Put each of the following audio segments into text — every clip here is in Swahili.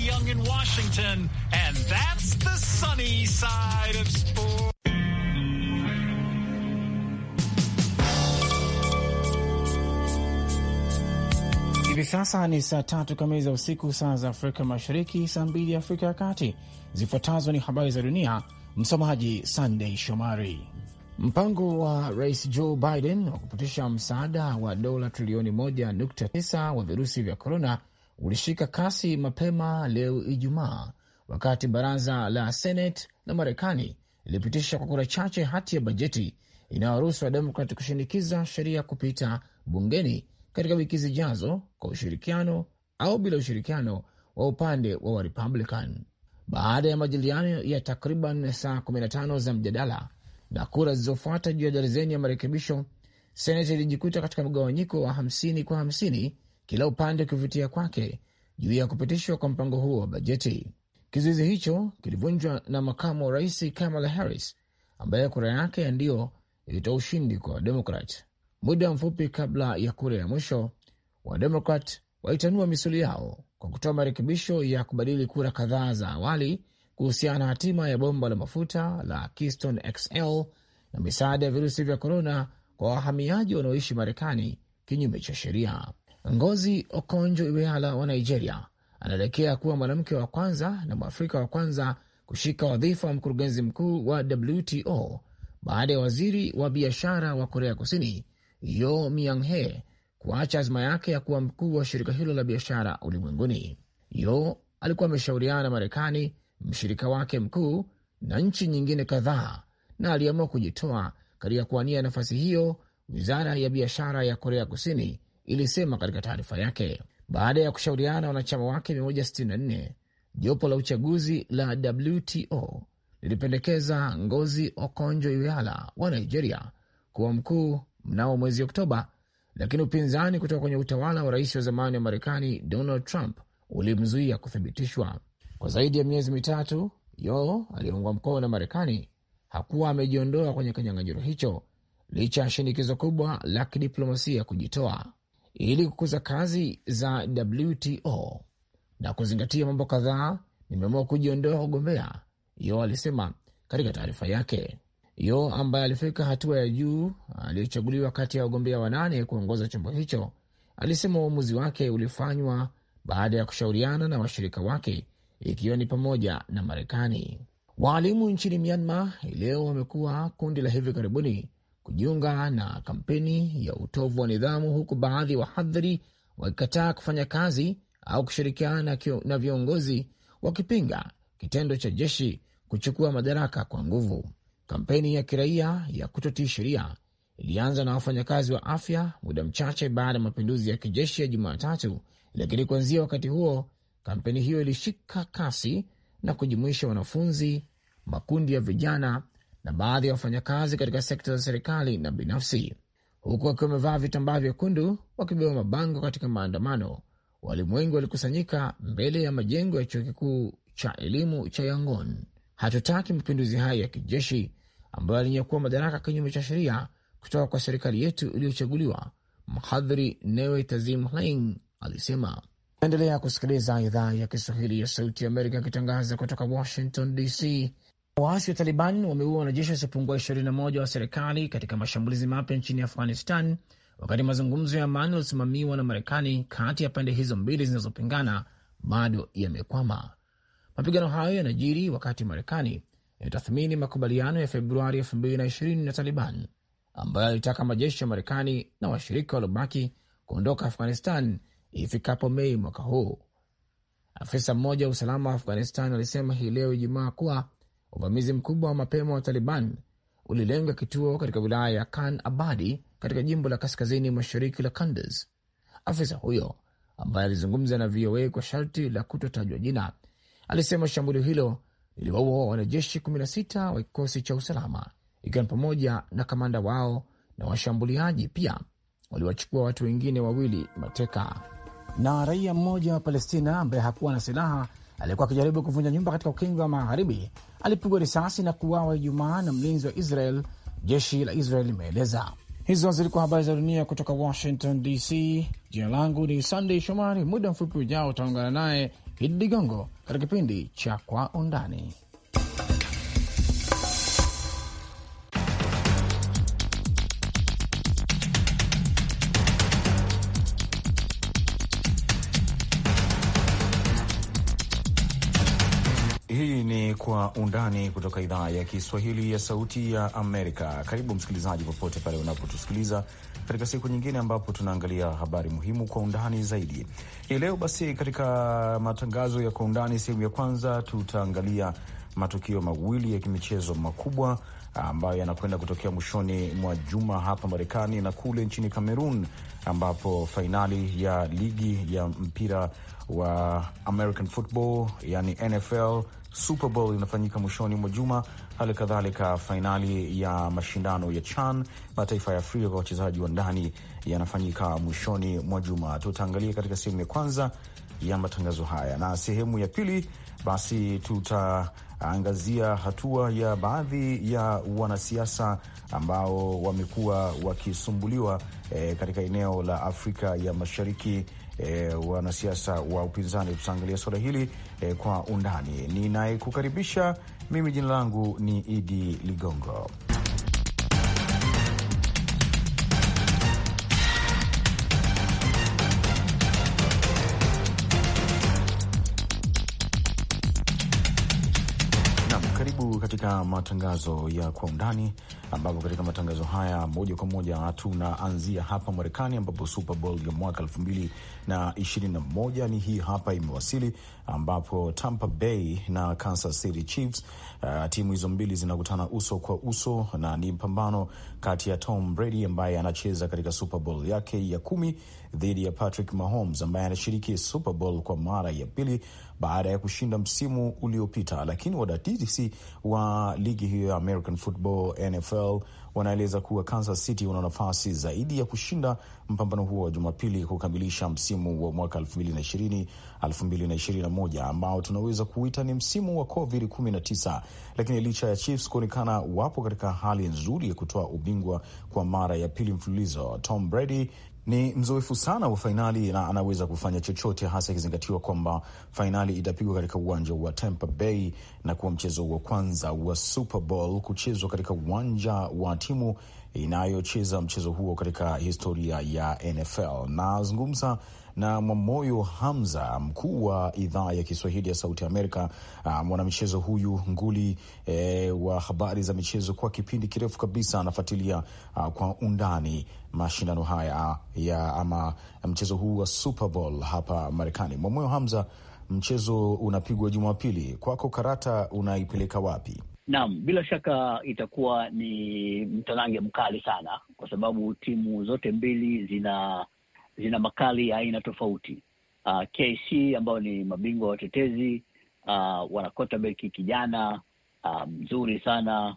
Young in Washington, and that's the sunny side of sports. Hivi sasa ni saa tatu kamili za usiku, saa za Afrika Mashariki, saa mbili Afrika ya Kati. Zifuatazo ni habari za dunia, msomaji Sandey Shomari. Mpango wa rais Joe Biden wa kupitisha msaada wa dola trilioni 1.9 wa virusi vya korona ulishika kasi mapema leo Ijumaa wakati baraza la Senate la Marekani lilipitisha kwa kura chache hati ya bajeti inayoruhusu Wademokrati kushinikiza sheria kupita bungeni katika wiki zijazo kwa ushirikiano au bila ushirikiano wa upande wa Warepublican. Baada ya majadiliano ya takriban saa 15 za mjadala na kura zilizofuata juu ya darizeni ya marekebisho, Senate ilijikuta katika mgawanyiko wa 50 kwa kila upande ukivutia kwake juu ya kupitishwa kwa mpango huo wa bajeti. Kizuizi hicho kilivunjwa na makamu wa rais Kamala Harris ambaye kura yake ya ndio ilitoa ushindi kwa Wademokrat. Muda mfupi kabla ya kura ya mwisho, Wademokrat walitanua misuli yao kwa kutoa marekebisho ya kubadili kura kadhaa za awali kuhusiana na hatima ya bomba la mafuta la Keystone XL na misaada ya virusi vya korona kwa wahamiaji wanaoishi Marekani kinyume cha sheria. Ngozi Okonjo-Iweala wa Nigeria anaelekea kuwa mwanamke wa kwanza na mwafrika wa kwanza kushika wadhifa wa mkurugenzi mkuu wa WTO baada ya waziri wa biashara wa Korea Kusini Yo myung kuacha azma yake ya kuwa mkuu wa shirika hilo la biashara ulimwenguni. Yo alikuwa ameshauriana na Marekani, mshirika wake mkuu, na nchi nyingine kadhaa, na aliamua kujitoa katika kuwania nafasi hiyo. Wizara ya biashara ya Korea Kusini ilisema katika taarifa yake. Baada ya kushauriana na wanachama wake 164 jopo la uchaguzi la WTO lilipendekeza Ngozi Okonjo-Iweala wa Nigeria kuwa mkuu mnamo mwezi Oktoba, lakini upinzani kutoka kwenye utawala wa rais wa zamani wa Marekani Donald Trump ulimzuia kuthibitishwa. Kwa zaidi ya miezi mitatu, Yo aliyeungwa mkono na Marekani hakuwa amejiondoa kwenye kinyang'anyiro hicho licha ya shinikizo kubwa la kidiplomasia kujitoa ili kukuza kazi za WTO na kuzingatia mambo kadhaa, nimeamua kujiondoa kugombea, Yo alisema katika taarifa yake. Yo ambaye alifika hatua ya juu aliyochaguliwa kati ya wagombea wanane kuongoza chombo hicho alisema uamuzi wake ulifanywa baada ya kushauriana na washirika wake ikiwa ni pamoja na Marekani. Waalimu nchini Myanmar leo wamekuwa kundi la hivi karibuni kujiunga na kampeni ya utovu wa nidhamu, huku baadhi ya wahadhiri wakikataa kufanya kazi au kushirikiana na viongozi wakipinga kitendo cha jeshi kuchukua madaraka kwa nguvu. Kampeni ya kiraia ya kutotii sheria ilianza na wafanyakazi wa afya muda mchache baada ya mapinduzi ya kijeshi ya Jumatatu, lakini kuanzia wakati huo kampeni hiyo ilishika kasi na kujumuisha wanafunzi, makundi ya vijana na baadhi ya wafanyakazi katika sekta za serikali na binafsi, huku wakiwa wamevaa vitambaa vyekundu wakibeba mabango katika maandamano. Walimu wengi walikusanyika mbele ya majengo ya chuo kikuu cha elimu cha Yangon. Hatutaki mapinduzi hayo ya kijeshi ambayo alinyakua madaraka kinyume cha sheria kutoka kwa serikali yetu iliyochaguliwa, mhadhiri Newe Tazim alisema. Naendelea kusikiliza idhaa ya Kiswahili ya Sauti ya Amerika ikitangaza kutoka Washington DC. Waasi wa Taliban wameua wanajeshi wasiopungua 21 wa serikali katika mashambulizi mapya nchini Afghanistan, wakati mazungumzo ya amani yaliosimamiwa na Marekani kati ya pande hizo mbili zinazopingana bado yamekwama. Mapigano hayo yanajiri wakati Marekani inatathmini makubaliano ya Februari 2020 na Taliban ambayo alitaka majeshi ya Marekani na washirika waliobaki kuondoka Afghanistan ifikapo Mei mwaka huu. Afisa mmoja wa usalama wa Afghanistan alisema hii leo Ijumaa kuwa Uvamizi mkubwa wa mapema wa Taliban ulilenga kituo katika wilaya ya Khan Abadi katika jimbo la kaskazini mashariki la Kunduz. Afisa huyo ambaye alizungumza na VOA kwa sharti la kutotajwa jina alisema shambulio hilo liliwaua wanajeshi 16 wa kikosi cha usalama ikiwa ni pamoja na kamanda wao, na washambuliaji pia waliwachukua watu wengine wawili mateka. Na raia mmoja wa Palestina ambaye hakuwa na silaha aliyekuwa akijaribu kuvunja nyumba katika ukingo wa magharibi alipigwa risasi na kuuawa Ijumaa na mlinzi wa Israel, jeshi la Israel limeeleza. Hizo zilikuwa habari za dunia kutoka Washington DC. Jina langu ni Sandey Shomari. Muda mfupi ujao utaungana naye Hidi Ligongo katika kipindi cha Kwa Undani. undani kutoka idhaa ya Kiswahili ya Sauti ya Amerika. Karibu msikilizaji, popote pale unapotusikiliza katika siku nyingine ambapo tunaangalia habari muhimu kwa undani zaidi. Hii leo basi, katika matangazo ya kwa undani sehemu ya kwanza, tutaangalia matukio mawili ya kimichezo makubwa ambayo yanakwenda kutokea mwishoni mwa juma hapa Marekani na kule nchini Cameroon, ambapo fainali ya ligi ya mpira wa American football yani NFL Super Bowl inafanyika mwishoni mwa juma. Hali kadhalika fainali ya mashindano ya CHAN mataifa ya Afrika kwa wachezaji wa ndani yanafanyika mwishoni mwa juma. Tutaangalia katika sehemu ya kwanza ya matangazo haya, na sehemu ya pili basi tutaangazia hatua ya baadhi ya wanasiasa ambao wamekuwa wakisumbuliwa e, katika eneo la Afrika ya Mashariki. E, wanasiasa wa upinzani. Tutaangalia suala hili e, kwa undani. Ninayekukaribisha mimi, jina langu ni Idi Ligongo. Karibu katika matangazo ya kwa undani, ambapo katika matangazo haya moja kwa moja tunaanzia hapa Marekani, ambapo Super Bowl ya mwaka elfu mbili na ishirini na moja ni hii hapa imewasili, ambapo Tampa Bay na Kansas City Chiefs, uh, timu hizo mbili zinakutana uso kwa uso na ni mpambano kati ya Tom Brady ambaye anacheza katika Super Bowl yake ya kumi dhidi ya Patrick Mahomes ambaye anashiriki Super Bowl kwa mara ya pili baada ya kushinda msimu uliopita, lakini wadadisi wa ligi hiyo ya American Football NFL wanaeleza kuwa Kansas City wana nafasi zaidi ya kushinda mpambano huo wa Jumapili kukamilisha msimu wa mwaka 2020 2021 ambao tunaweza kuita ni msimu wa Covid 19. Lakini licha ya Chiefs kuonekana wapo katika hali nzuri ya kutoa ubingwa kwa mara ya pili mfululizo, Tom Brady ni mzoefu sana wa fainali na anaweza kufanya chochote, hasa ikizingatiwa kwamba fainali itapigwa katika uwanja wa Tampa Bay na kuwa mchezo wa kwanza wa Super Bowl kuchezwa katika uwanja wa timu inayocheza mchezo huo katika historia ya NFL. Nazungumza na Mwamoyo Hamza, mkuu wa idhaa ya Kiswahili ya Sauti Amerika, ah, mwanamchezo huyu nguli e, wa habari za michezo kwa kipindi kirefu kabisa, anafuatilia ah, kwa undani mashindano haya ya ama mchezo huu wa Super Bowl hapa Marekani. Mwamoyo Hamza, mchezo unapigwa Jumapili, kwako karata unaipeleka wapi? Naam, bila shaka itakuwa ni mtarange mkali sana, kwa sababu timu zote mbili zina zina makali ya aina tofauti. Uh, ah, KC ambao ni mabingwa watetezi uh, wana quarterback kijana uh, mzuri sana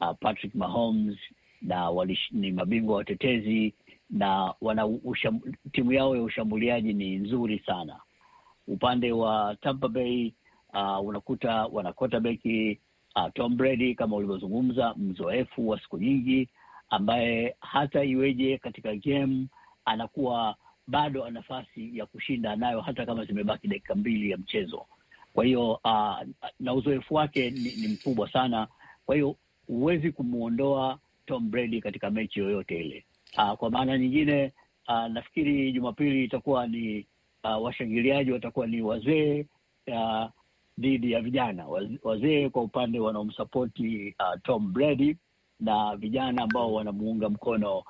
uh, Patrick Mahomes na walish, ni mabingwa watetezi na wana usham, timu yao ya ushambuliaji ni nzuri sana. Upande wa Tampa Bay uh, unakuta wana quarterback Uh, Tom Brady kama ulivyozungumza, mzoefu wa siku nyingi, ambaye hata iweje katika game anakuwa bado ana nafasi ya kushinda nayo hata kama zimebaki dakika mbili ya mchezo. Kwa hiyo uh, na uzoefu wake ni, ni mkubwa sana. Kwa hiyo huwezi kumwondoa Tom Brady katika mechi yoyote ile. Uh, kwa maana nyingine uh, nafikiri Jumapili itakuwa ni uh, washangiliaji watakuwa ni wazee uh, dhidi ya vijana wazee, kwa upande wanaomsapoti uh, Tom Brady na vijana ambao wanamuunga mkono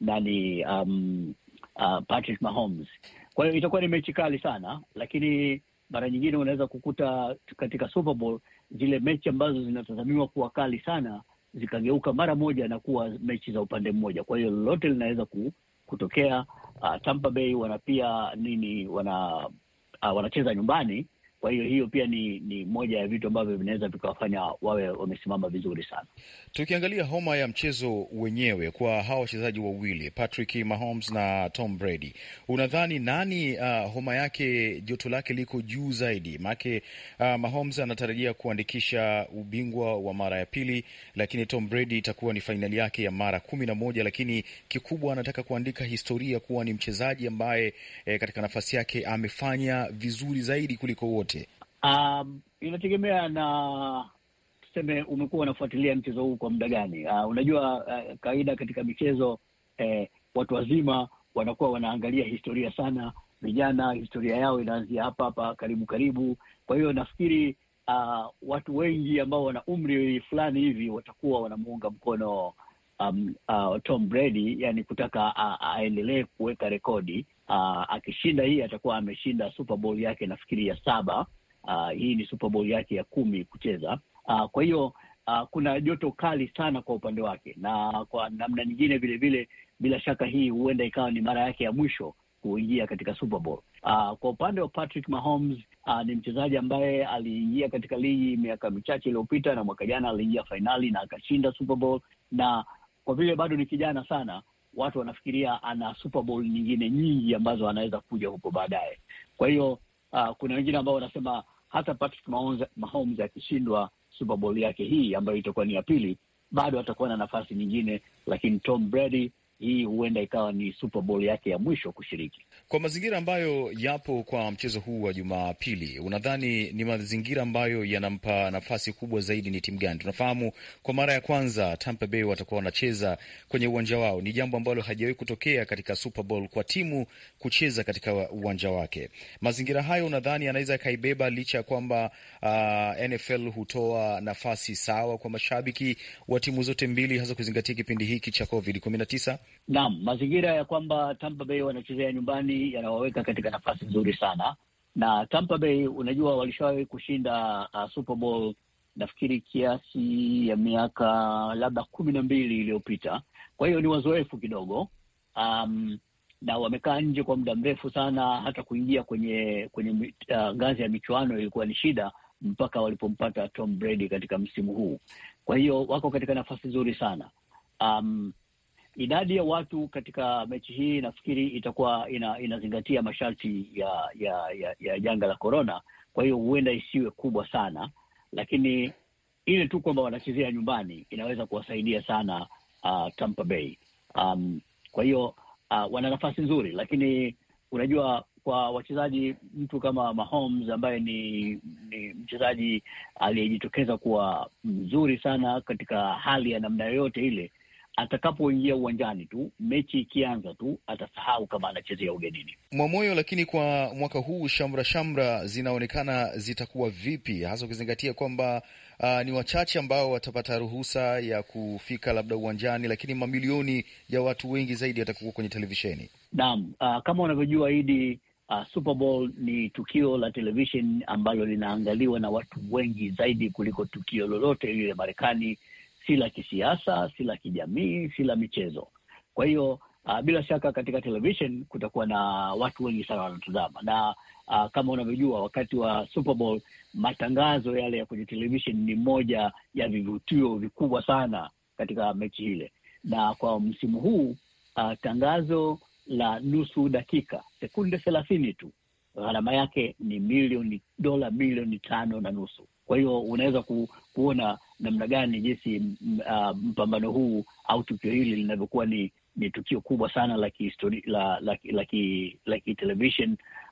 nani, um, uh, Patrick Mahomes. Kwa hiyo itakuwa ni mechi kali sana, lakini mara nyingine unaweza kukuta katika Super Bowl zile mechi ambazo zinatazamiwa kuwa kali sana zikageuka mara moja na kuwa mechi za upande mmoja. Kwa hiyo lolote linaweza kutokea. Uh, Tampa Bay wana pia nini, wana uh, wanacheza nyumbani kwa hiyo hiyo pia ni, ni moja ya vitu ambavyo vinaweza vikawafanya wawe wamesimama vizuri sana. Tukiangalia homa ya mchezo wenyewe kwa hawa wachezaji wawili Patrick Mahomes na Tom Brady, unadhani nani uh, homa yake joto lake liko juu zaidi? Maanake uh, Mahomes anatarajia kuandikisha ubingwa wa mara ya pili, lakini Tom Brady itakuwa ni fainali yake ya mara kumi na moja, lakini kikubwa anataka kuandika historia kuwa ni mchezaji ambaye eh, katika nafasi yake amefanya vizuri zaidi kuliko wote Um, inategemea na tuseme, umekuwa unafuatilia mchezo huu kwa muda gani? Uh, unajua uh, kawaida katika michezo eh, watu wazima wanakuwa wanaangalia historia sana, vijana historia yao inaanzia hapa hapa karibu karibu. Kwa hiyo nafikiri uh, watu wengi ambao wana umri fulani hivi watakuwa wanamuunga mkono um, uh, Tom Brady, yani kutaka aendelee kuweka rekodi. Uh, akishinda hii atakuwa ameshinda Super Bowl yake nafikiri ya saba Uh, hii ni Super Bowl yake ya kumi kucheza. Uh, kwa hiyo uh, kuna joto kali sana kwa upande wake, na kwa namna nyingine vilevile, bila shaka hii huenda ikawa ni mara yake ya mwisho kuingia katika Super Bowl. Uh, kwa upande wa Patrick Mahomes uh, ni mchezaji ambaye aliingia katika ligi miaka michache iliyopita, na mwaka jana aliingia fainali na akashinda Super Bowl, na kwa vile bado ni kijana sana, watu wanafikiria ana Super Bowl nyingine nyingi ambazo anaweza kuja huko baadaye. Kwa hiyo Uh, kuna wengine ambao wanasema hata Patrick Mahomes akishindwa Super Bowl yake hii ambayo itakuwa ni ya pili, bado atakuwa na nafasi nyingine, lakini Tom Brady hii huenda ikawa ni Super Bowl yake ya mwisho kushiriki. Kwa mazingira ambayo yapo kwa mchezo huu wa Jumapili, unadhani ni mazingira ambayo yanampa nafasi kubwa zaidi ni timu gani? Tunafahamu kwa mara ya kwanza Tampa Bay watakuwa wanacheza kwenye uwanja wao. Ni jambo ambalo hajawahi kutokea katika Super Bowl kwa timu kucheza katika uwanja wake. Mazingira hayo unadhani yanaweza yakaibeba licha ya kwamba uh, NFL hutoa nafasi sawa kwa mashabiki wa timu zote mbili, hasa kuzingatia kipindi hiki cha COVID 19? Naam, mazingira ya kwamba Tampa Bay wanachezea nyumbani yanawaweka katika nafasi nzuri sana, na Tampa Bay unajua walishawahi kushinda uh, Super Bowl nafikiri kiasi ya miaka labda kumi na mbili iliyopita, kwa hiyo ni wazoefu kidogo um, na wamekaa nje kwa muda mrefu sana, hata kuingia kwenye kwenye uh, ngazi ya michuano ilikuwa ni shida mpaka walipompata Tom Brady katika msimu huu. Kwa hiyo wako katika nafasi nzuri sana um, idadi ya watu katika mechi hii nafikiri itakuwa ina, inazingatia masharti ya ya, ya, ya janga la korona. Kwa hiyo huenda isiwe kubwa sana, lakini ile tu kwamba wanachezea nyumbani inaweza kuwasaidia sana uh, Tampa Bay. Um, kwa hiyo uh, wana nafasi nzuri, lakini unajua kwa wachezaji, mtu kama Mahomes ambaye ni, ni mchezaji aliyejitokeza kuwa mzuri sana katika hali ya namna yoyote ile atakapoingia uwanjani tu, mechi ikianza tu, atasahau kama anachezea ugenini. Mwamoyo, lakini kwa mwaka huu shamra shamra zinaonekana zitakuwa vipi, hasa ukizingatia kwamba uh, ni wachache ambao watapata ruhusa ya kufika labda uwanjani, lakini mamilioni ya watu wengi zaidi watakua kwenye televisheni. Naam, uh, kama unavyojua Idi, uh, Super Bowl ni tukio la televishen ambalo linaangaliwa na watu wengi zaidi kuliko tukio lolote lile Marekani si la kisiasa, si la kijamii, si la michezo. Kwa hiyo uh, bila shaka katika television kutakuwa na watu wengi sana wanatazama, na uh, kama unavyojua wakati wa Super Bowl matangazo yale ya kwenye television ni moja ya vivutio vikubwa sana katika mechi ile, na kwa msimu huu uh, tangazo la nusu dakika sekunde thelathini tu gharama yake ni milioni dola milioni tano na nusu. Kwa hiyo unaweza ku, kuona namna gani jinsi uh, mpambano huu au tukio hili linavyokuwa ni ni tukio kubwa sana la kihistoria la, la, la, la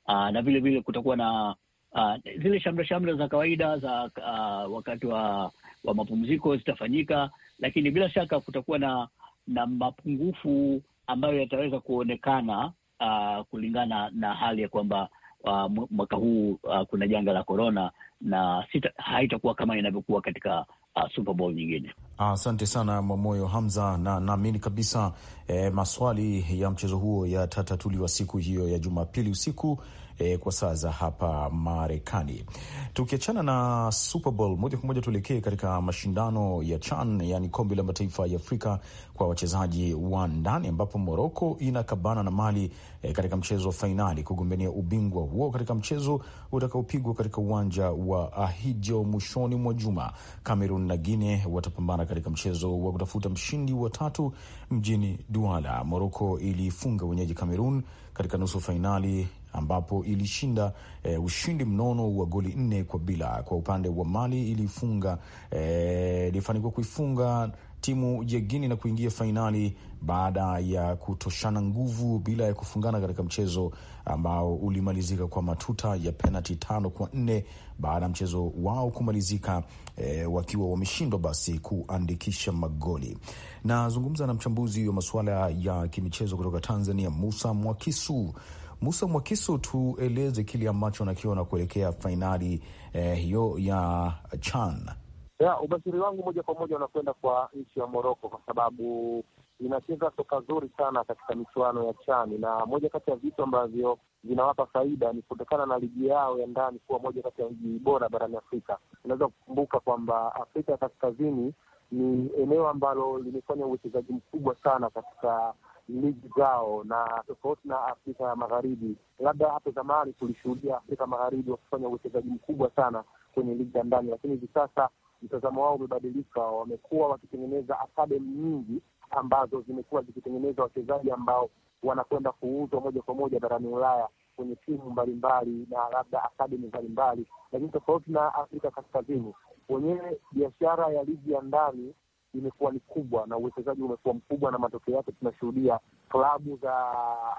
uh, na vile vile kutakuwa na uh, zile shamra shamra za kawaida za uh, wakati wa, wa mapumziko zitafanyika, lakini bila shaka kutakuwa na na mapungufu ambayo yataweza kuonekana uh, kulingana na hali ya kwamba uh, mwaka huu uh, kuna janga la korona na haitakuwa kama inavyokuwa katika uh, Super Bowl nyingine. Ah, asante sana Mwamoyo Hamza, na naamini kabisa eh, maswali ya mchezo huo yatatatuliwa siku hiyo ya Jumapili usiku eh, kwa saa za hapa Marekani. Tukiachana na Super Bowl, moja kwa moja tuelekee katika mashindano ya CHAN, yani kombe la mataifa ya Afrika kwa wachezaji wa ndani, ambapo Moroko inakabana na Mali eh, katika mchezo wa fainali kugombania ubingwa huo katika mchezo utakaopigwa katika uwanja wa Ahidjo mwishoni mwa juma. Kamerun na Guine watapambana katika mchezo wa kutafuta mshindi wa tatu mjini Duala. Moroko ilifunga wenyeji Kamerun katika nusu fainali ambapo ilishinda e, ushindi mnono wa goli nne kwa bila. Kwa upande wa Mali ilifunga e, ilifanikiwa kuifunga timu ya Guini na kuingia fainali baada ya kutoshana nguvu bila ya kufungana katika mchezo ambao ulimalizika kwa matuta ya penalti tano kwa nne baada ya mchezo wao kumalizika e, wakiwa wameshindwa basi kuandikisha magoli. Nazungumza na mchambuzi wa masuala ya kimichezo kutoka Tanzania, Musa Mwakisu. Musa Mwakiso, tueleze kile ambacho nakiona kuelekea fainali eh, hiyo ya CHAN. Ya, ubashiri wangu moja kwa moja unakwenda kwa nchi ya Moroko kwa sababu inacheza soka zuri sana katika michuano ya CHAN, na moja kati ya vitu ambavyo vinawapa faida ni kutokana na ligi yao ya ndani kuwa moja kati ya ligi bora barani Afrika. Unaweza kukumbuka kwamba Afrika ya Kaskazini ni eneo ambalo limefanya uwekezaji mkubwa sana katika ligi zao, na tofauti na Afrika ya Magharibi. Labda hapo zamani tulishuhudia Afrika Magharibi wakifanya uwekezaji mkubwa sana kwenye ligi ya ndani, lakini hivi sasa mtazamo wao umebadilika. Wamekuwa wakitengeneza akademi nyingi ambazo zimekuwa zikitengeneza wachezaji ambao wanakwenda kuuzwa moja kwa moja barani Ulaya kwenye timu mbalimbali na labda akademi mbalimbali, lakini tofauti na Afrika Kaskazini wenyewe biashara ya ligi ya ndani imekuwa ni kubwa na uwekezaji umekuwa mkubwa, na matokeo yake tunashuhudia klabu za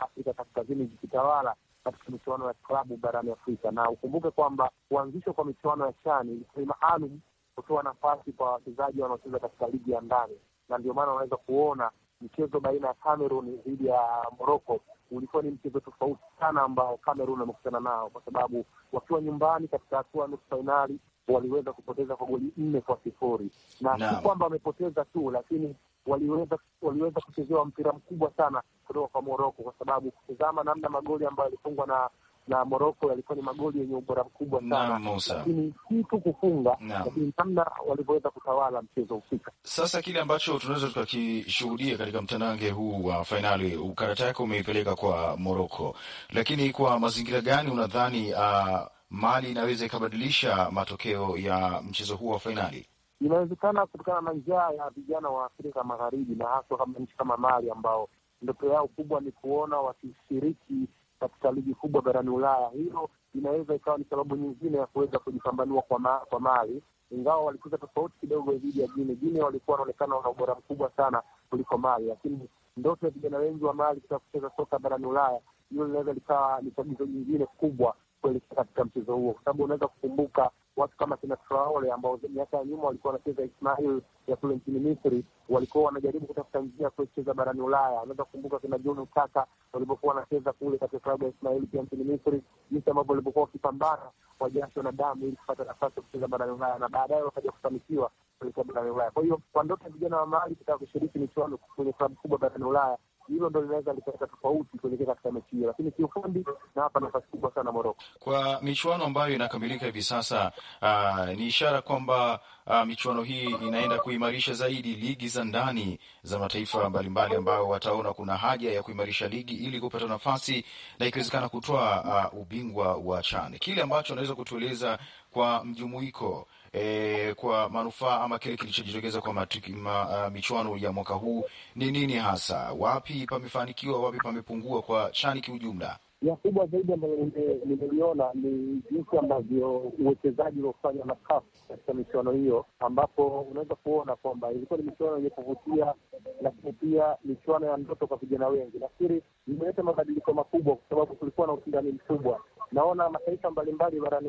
Afrika Kaskazini zikitawala katika michuano ya klabu barani Afrika. Na ukumbuke kwamba kuanzishwa kwa michuano ya chani ilikuwa ni maalum kutoa nafasi kwa wachezaji wanaocheza katika ligi ya ndani, na ndio maana unaweza kuona mchezo baina ya Cameroon dhidi ya Morocco ulikuwa ni mchezo tofauti sana ambao Cameroon amekutana nao, kwa sababu wakiwa nyumbani katika hatua nusu fainali waliweza kupoteza kwa goli nne kwa sifuri na si kwamba wamepoteza tu, lakini waliweza waliweza kuchezewa mpira mkubwa sana kutoka kwa Moroko, kwa sababu kutizama namna magoli ambayo yalifungwa na na Moroko yalikuwa ni magoli yenye ubora mkubwa sana, lakini si tu kufunga, lakini namna walivyoweza kutawala mchezo husika. Sasa kile ambacho tunaweza tukakishuhudia katika mtanange huu wa fainali, ukarata yake umeipeleka kwa Moroko, lakini kwa mazingira gani unadhani uh, Mali inaweza ikabadilisha matokeo ya mchezo huo wa fainali? Inawezekana kutokana na njaa ya vijana wa Afrika Magharibi na haswa kama nchi kama Mali ambao ndoto yao kubwa ni kuona wakishiriki katika ligi kubwa barani Ulaya. Hilo inaweza ikawa ni sababu nyingine ya kuweza kujipambanua kwa, ma, kwa Mali, ingawa walikuza tofauti kidogo dhidi ya Gine. Gine walikuwa wanaonekana wana ubora mkubwa sana kuliko Mali, lakini ndoto ya vijana wengi wa Mali katika kucheza soka barani Ulaya, hilo linaweza likawa ni chagizo nyingine kubwa kuelekea katika mchezo huo, kwa sababu unaweza kukumbuka watu kama kina Traore ambao miaka ya nyuma walikuwa wanacheza Ismail ya kule nchini Misri, walikuwa wanajaribu kutafuta njia ya kucheza barani Ulaya. Unaweza kukumbuka kina John Utaka walivyokuwa wanacheza kule katika klabu ya Ismail pia nchini Misri, jinsi ambavyo walivyokuwa wakipambana kwa jasho na damu ili kupata nafasi ya kucheza barani Ulaya na baadaye wakaja kufanikiwa barani Ulaya. Kwa hiyo kwa ndoto ya vijana wa mali kutaka kushiriki michuano kwenye klabu kubwa barani Ulaya hilo ndo linaweza likaleta tofauti kuelekea katika mechi hiyo, lakini kiufundi na hapa nafasi kubwa sana Moroko kwa michuano ambayo inakamilika hivi sasa. Uh, ni ishara kwamba uh, michuano hii inaenda kuimarisha zaidi ligi za ndani za mataifa mbalimbali ambayo wataona kuna haja ya kuimarisha ligi ili kupata nafasi na ikiwezekana kutoa uh, ubingwa wa chane Kile ambacho unaweza kutueleza kwa mjumuiko e, kwa manufaa ama kile kilichojitokeza kwa matiki, ma, michuano ya mwaka huu ni nini hasa? Wapi pamefanikiwa, wapi pamepungua kwa chani kiujumla? ya kubwa zaidi ambayo nimeliona ni jinsi ambavyo uwekezaji uliofanywa na CAF katika michuano hiyo, ambapo unaweza kuona kwamba ilikuwa ni michuano yenye kuvutia, lakini pia michuano ya ndoto kwa vijana wengi. Nafikiri imeleta mabadiliko makubwa, kwa sababu kulikuwa na ushindani mkubwa. Naona mataifa mbalimbali barani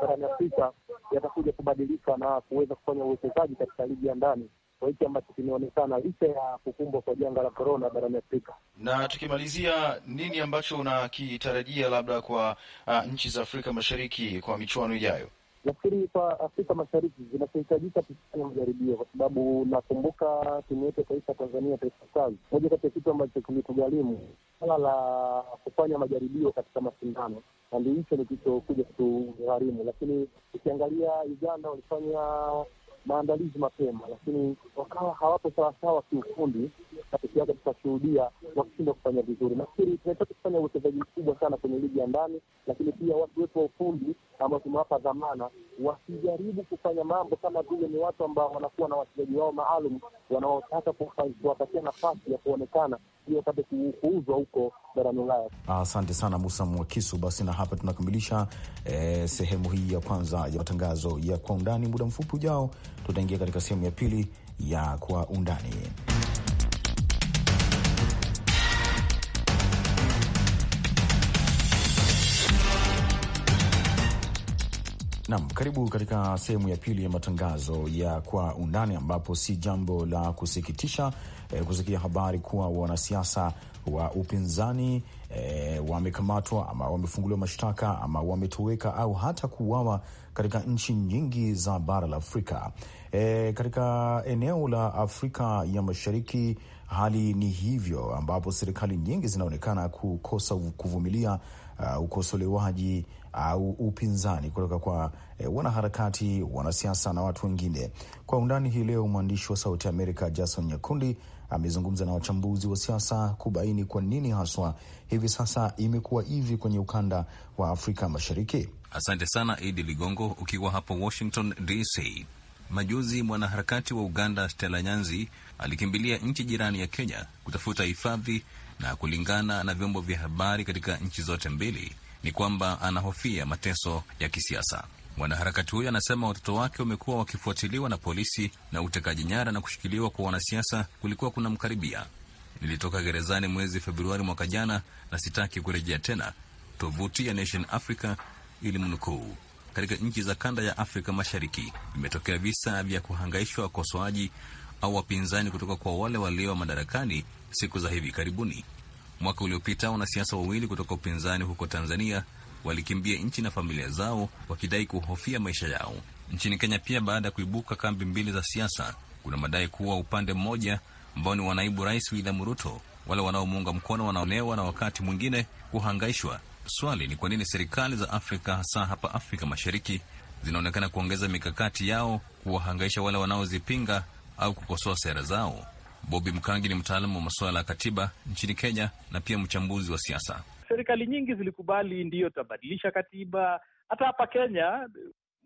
barani Afrika yatakuja kubadilika na kuweza kufanya uwekezaji katika ligi ya ndani kwa hiki ambacho kimeonekana licha ya kukumbwa kwa janga la korona barani Afrika. Na tukimalizia, nini ambacho unakitarajia labda kwa uh, nchi za Afrika Mashariki kwa michuano ijayo? Nafikiri kwa Afrika Mashariki zinachohitajika kufanya majaribio, kwa sababu nakumbuka timu yetu ya taifa Tanzania, Taifa Stars, moja kati ya kitu ambacho kilitugharimu swala la kufanya majaribio katika mashindano, na ndio hicho ni kilichokuja kutugharimu. Lakini ukiangalia Uganda walifanya maandalizi mapema, lakini wakawa hawapo sawasawa kiufundi, matokeo yake tukashuhudia wakishindwa kufanya vizuri. Nafikiri tunahitaji kufanya uwekezaji mkubwa sana kwenye ligi ya ndani, lakini pia watu wetu wa ufundi ambao tumewapa dhamana wasijaribu kufanya mambo kama vile ni watu ambao wanakuwa na wachezaji wao maalum wanaotaka kuwapatia nafasi ya kuonekana ili wapate kuuzwa huko barani Ulaya. Asante sana Musa Mwakisu. Basi na hapa tunakamilisha eh, sehemu hii ya kwanza ya matangazo ya kwa undani. Muda mfupi ujao, tutaingia katika sehemu ya pili ya kwa undani. Nam, karibu katika sehemu ya pili ya matangazo ya kwa undani, ambapo si jambo la kusikitisha eh, kusikia habari kuwa wanasiasa wa upinzani eh, wamekamatwa ama wamefunguliwa mashtaka ama wametoweka au hata kuuawa katika nchi nyingi za bara la Afrika. Eh, katika eneo la Afrika ya Mashariki hali ni hivyo, ambapo serikali nyingi zinaonekana kukosa kuvumilia uh, ukosolewaji au upinzani kutoka kwa e, wanaharakati, wanasiasa na watu wengine. Kwa undani hii leo, mwandishi wa Sauti ya Amerika Jason Nyakundi amezungumza na wachambuzi wa siasa kubaini kwa nini haswa hivi sasa imekuwa hivi kwenye ukanda wa Afrika Mashariki. Asante sana Idi Ligongo ukiwa hapo Washington DC. Majuzi mwanaharakati wa Uganda Stella Nyanzi alikimbilia nchi jirani ya Kenya kutafuta hifadhi, na kulingana na vyombo vya habari katika nchi zote mbili ni kwamba anahofia mateso ya kisiasa. Mwanaharakati huyo anasema watoto wake wamekuwa wakifuatiliwa na polisi na utekaji nyara na kushikiliwa kwa wanasiasa kulikuwa kuna mkaribia. Nilitoka gerezani mwezi Februari mwaka jana na sitaki kurejea tena, tovuti ya Nation Africa ilimnukuu. Katika nchi za kanda ya Afrika Mashariki vimetokea visa vya kuhangaishwa wakosoaji au wapinzani kutoka kwa wale walio madarakani siku za hivi karibuni. Mwaka uliopita wanasiasa wawili kutoka upinzani huko Tanzania walikimbia nchi na familia zao wakidai kuhofia maisha yao. Nchini Kenya pia, baada ya kuibuka kambi mbili za siasa, kuna madai kuwa upande mmoja ambao ni wanaibu rais William Ruto, wale wanaomuunga mkono wanaonewa na wakati mwingine kuhangaishwa. Swali ni kwa nini serikali za Afrika, hasa hapa Afrika Mashariki, zinaonekana kuongeza mikakati yao kuwahangaisha wale wanaozipinga au kukosoa sera zao? Bobi Mkangi ni mtaalamu wa masuala ya katiba nchini Kenya na pia mchambuzi wa siasa. Serikali nyingi zilikubali ndiyo tabadilisha katiba, hata hapa Kenya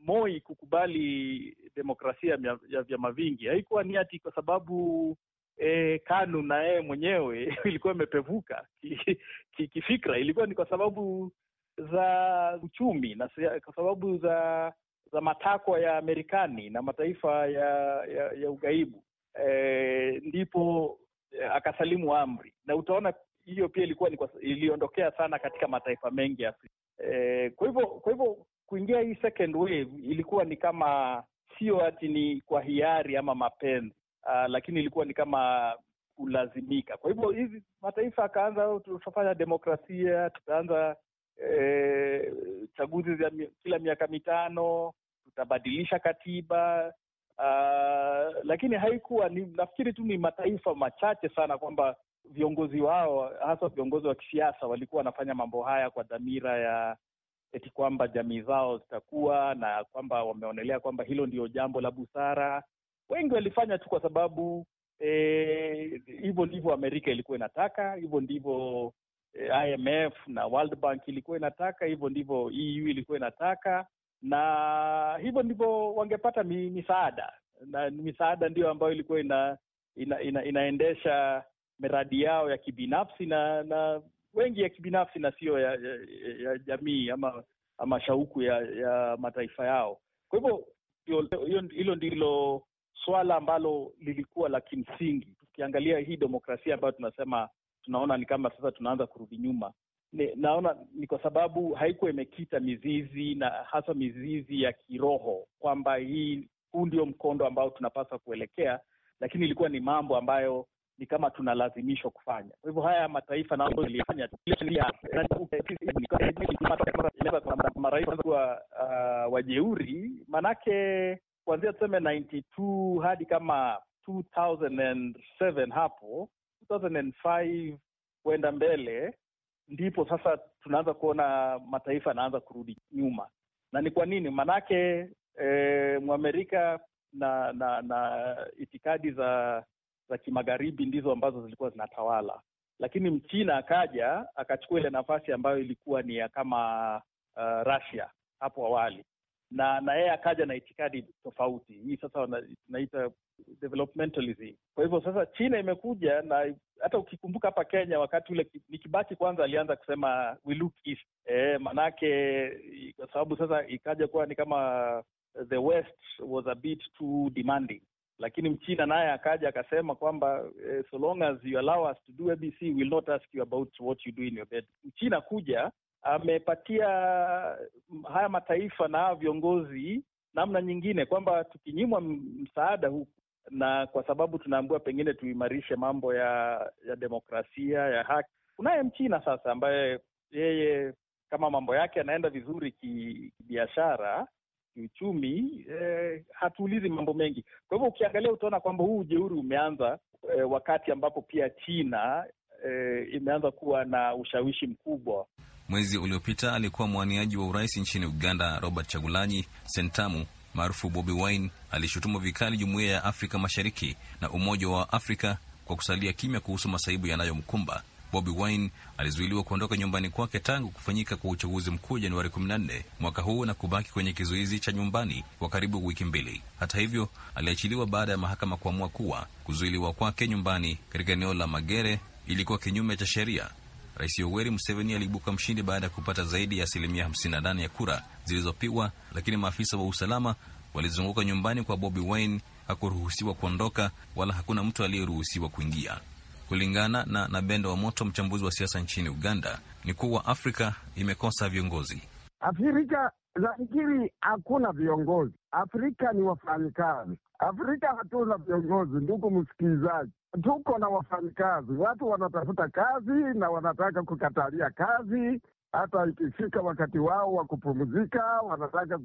Moi kukubali demokrasia ya vyama vingi haikuwa ni ati kwa sababu e, KANU na yeye mwenyewe ilikuwa imepevuka kifikra, ilikuwa ni kwa sababu za uchumi na kwa sababu za za matakwa ya Marekani na mataifa ya ya, ya ughaibu eh, ndipo eh, akasalimu amri, na utaona hiyo pia ilikuwa ni kwa, iliondokea sana katika mataifa mengi ya Afrika eh, kwa hivyo kwa hivyo kuingia hii second wave ilikuwa ni kama sio ati ni kwa hiari ama mapenzi uh, lakini ilikuwa ni kama kulazimika. Kwa hivyo hizi mataifa akaanza, oh, tutafanya demokrasia, tutaanza eh, chaguzi za kila miaka mitano, tutabadilisha katiba, uh, lakini haikuwa ni, nafikiri tu ni mataifa machache sana kwamba viongozi wao hasa viongozi wa kisiasa walikuwa wanafanya mambo haya kwa dhamira ya eti kwamba jamii zao zitakuwa na kwamba wameonelea kwamba hilo ndio jambo la busara. Wengi walifanya tu kwa sababu eh, hivyo e, ndivyo Amerika ilikuwa inataka, hivyo ndivyo e, eh, IMF na World Bank ilikuwa inataka, hivyo ndivyo EU ilikuwa inataka na hivyo ndivyo wangepata mi, misaada na misaada ndiyo ambayo ilikuwa ina, ina, ina, inaendesha miradi yao ya kibinafsi na na wengi ya kibinafsi na siyo ya, ya, ya jamii ama ama shauku ya, ya mataifa yao. Kwa hivyo hilo ndilo swala ambalo lilikuwa la kimsingi. Tukiangalia hii demokrasia ambayo tunasema tunaona ni kama sasa tunaanza kurudi nyuma, ni, naona ni kwa sababu haikuwa imekita mizizi na hasa mizizi ya kiroho kwamba hii huu ndio mkondo ambao tunapaswa kuelekea, lakini ilikuwa ni mambo ambayo ni kama tunalazimishwa kufanya. Kwa hivyo haya mataifa nao ilifanya marais kuwa uh, wajeuri, manake kuanzia tuseme 92 hadi kama 2007 hapo 2005 mbele ndipo sasa tunaanza kuona mataifa yanaanza kurudi nyuma. Na ni kwa nini? Maanake e, eh, mwamerika na na na itikadi za za kimagharibi ndizo ambazo zilikuwa zinatawala, lakini mchina akaja akachukua ile nafasi ambayo ilikuwa ni ya kama uh, Russia hapo awali na na yeye akaja na itikadi tofauti hii, sasa tunaita developmentalism. Kwa hivyo sasa China imekuja na hata ukikumbuka hapa Kenya wakati ule ni Kibaki kwanza alianza kusema we look east e, manake kwa sababu sasa ikaja kuwa ni kama eh, the west was a bit too demanding, lakini mchina naye akaja akasema kwamba eh, so long as you allow us to do abc we will not ask you about what you do in your bed. Mchina kuja amepatia mm, haya mataifa na viongozi namna nyingine kwamba tukinyimwa msaada huku na kwa sababu tunaambiwa pengine tuimarishe mambo ya ya demokrasia ya haki. Kunaye mchina sasa ambaye yeye kama mambo yake yanaenda vizuri kibiashara, kiuchumi, eh, hatuulizi mambo mengi. Kwa hivyo ukiangalia utaona kwamba huu ujeuri umeanza eh, wakati ambapo pia China eh, imeanza kuwa na ushawishi mkubwa. Mwezi uliopita alikuwa mwaniaji wa urais nchini Uganda, Robert Chagulanyi Sentamu maarufu Bobi Wine alishutuma vikali Jumuiya ya Afrika Mashariki na Umoja wa Afrika kwa kusalia kimya kuhusu masaibu yanayomkumba. Bobi Wine alizuiliwa kuondoka nyumbani kwake tangu kufanyika kwa uchaguzi mkuu Januari 14 mwaka huu na kubaki kwenye kizuizi cha nyumbani kwa karibu wiki mbili. Hata hivyo, aliachiliwa baada ya mahakama kuamua kuwa kuzuiliwa kwake nyumbani katika eneo la Magere ilikuwa kinyume cha sheria. Rais Yoweri Museveni aliibuka mshindi baada ya kupata zaidi ya asilimia 58 ya kura zilizopigwa, lakini maafisa wa usalama walizunguka nyumbani kwa Bobi Wine. Hakuruhusiwa kuondoka wala hakuna mtu aliyeruhusiwa kuingia. Kulingana na Nabendo wa Moto, mchambuzi wa siasa nchini Uganda, ni kuwa Afrika imekosa viongozi. Afrika zafikiri hakuna viongozi. Afrika ni wafanyikazi. Afrika hatuna viongozi, ndugu msikilizaji tuko na wafanyikazi, watu wanatafuta kazi na wanataka kukatalia kazi. Hata ikifika wakati wao wa kupumzika, wanataka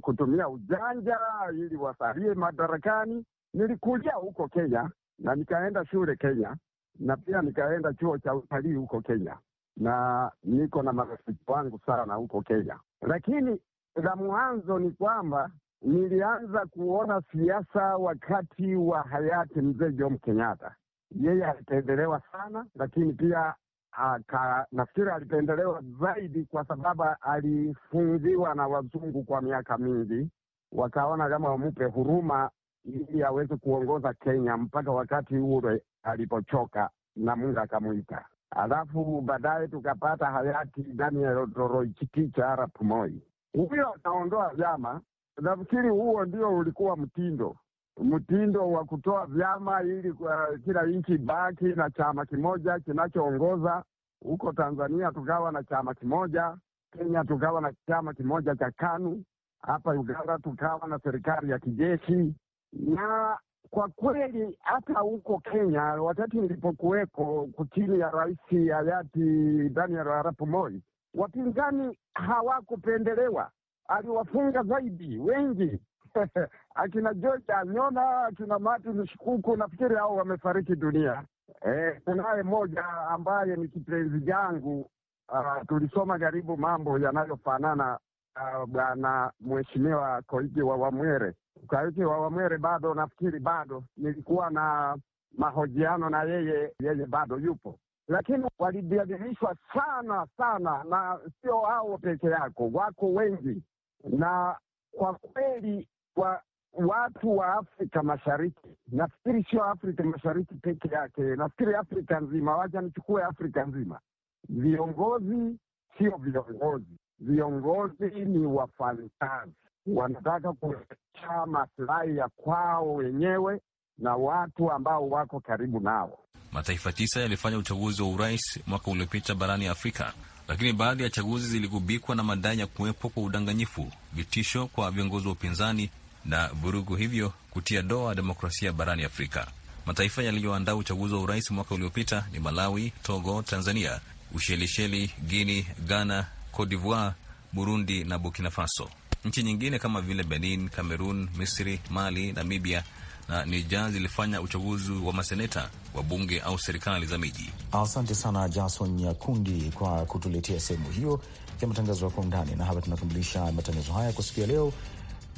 kutumia ujanja ili wasalie madarakani. Nilikulia huko Kenya na nikaenda shule Kenya na pia nikaenda chuo cha utalii huko Kenya na niko na marafiki wangu sana huko Kenya, lakini la mwanzo ni kwamba Nilianza kuona siasa wakati wa hayati mzee Jomo Kenyatta. Yeye alipendelewa sana, lakini pia aka, nafikiri alipendelewa zaidi kwa sababu alifungiwa na wazungu kwa miaka mingi, wakaona kama wamupe huruma ili aweze kuongoza Kenya mpaka wakati ule alipochoka na Mungu akamwita Alafu baadaye tukapata hayati Daniel Toroitich arap Moi, huyo akaondoa vyama Nafikiri huo ndio ulikuwa mtindo mtindo wa kutoa vyama ili uh, kila nchi baki na chama kimoja kinachoongoza. Huko Tanzania tukawa na chama kimoja, Kenya tukawa na chama kimoja cha KANU, hapa Uganda tukawa na serikali ya kijeshi. Na kwa kweli hata huko Kenya wakati nilipokuweko chini ya raisi hayati Daniel Arap Moi, wapinzani hawakupendelewa aliwafunga zaidi wengi akina George Anyona, akina Martin Shikuku, nafikiri hao wamefariki dunia. Eh, kunaye moja ambaye ni kipenzi changu uh, tulisoma karibu mambo yanayofanana ah, bwana uh, mheshimiwa Koigi wa Wamwere. Koigi wa Wamwere bado nafikiri bado nilikuwa na mahojiano na yeye, yeye bado yupo lakini walidadilishwa sana sana, na sio hao peke yako, wako wengi na kwa kweli wa, watu wa Afrika Mashariki, nafikiri sio Afrika Mashariki peke yake, nafikiri Afrika nzima, wacha nichukue Afrika nzima, viongozi sio viongozi, viongozi ni wafanyakazi, wanataka kueesha masilahi ya kwao wenyewe na watu ambao wako karibu nao. Mataifa tisa yalifanya uchaguzi wa urais mwaka uliopita barani Afrika lakini baadhi ya chaguzi ziligubikwa na madai ya kuwepo kwa udanganyifu, vitisho kwa viongozi wa upinzani na vurugu, hivyo kutia doa demokrasia barani Afrika. Mataifa yaliyoandaa uchaguzi wa urais mwaka uliopita ni Malawi, Togo, Tanzania, Ushelisheli, Guini, Ghana, Cote divoir Burundi na Burkina Faso. Nchi nyingine kama vile Benin, Cameroon, Misri, Mali, Namibia na Niger zilifanya uchaguzi wa maseneta wa bunge au serikali za miji. Asante sana Jason Nyakundi kwa kutuletea sehemu hiyo ya matangazo ya kwa undani, na hapa tunakamilisha matangazo haya kwa siku ya leo.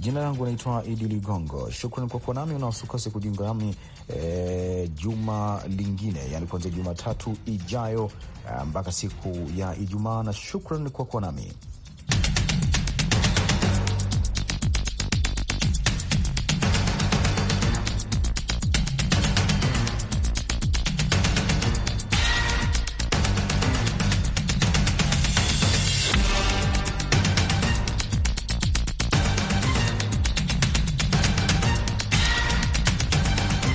Jina langu naitwa Idi Ligongo. Shukran kwa kuwa nami, na kujiunga nami e, juma lingine, yani kuanzia Jumatatu ijayo eh, mpaka siku ya Ijumaa, na shukran kwa kuwa nami.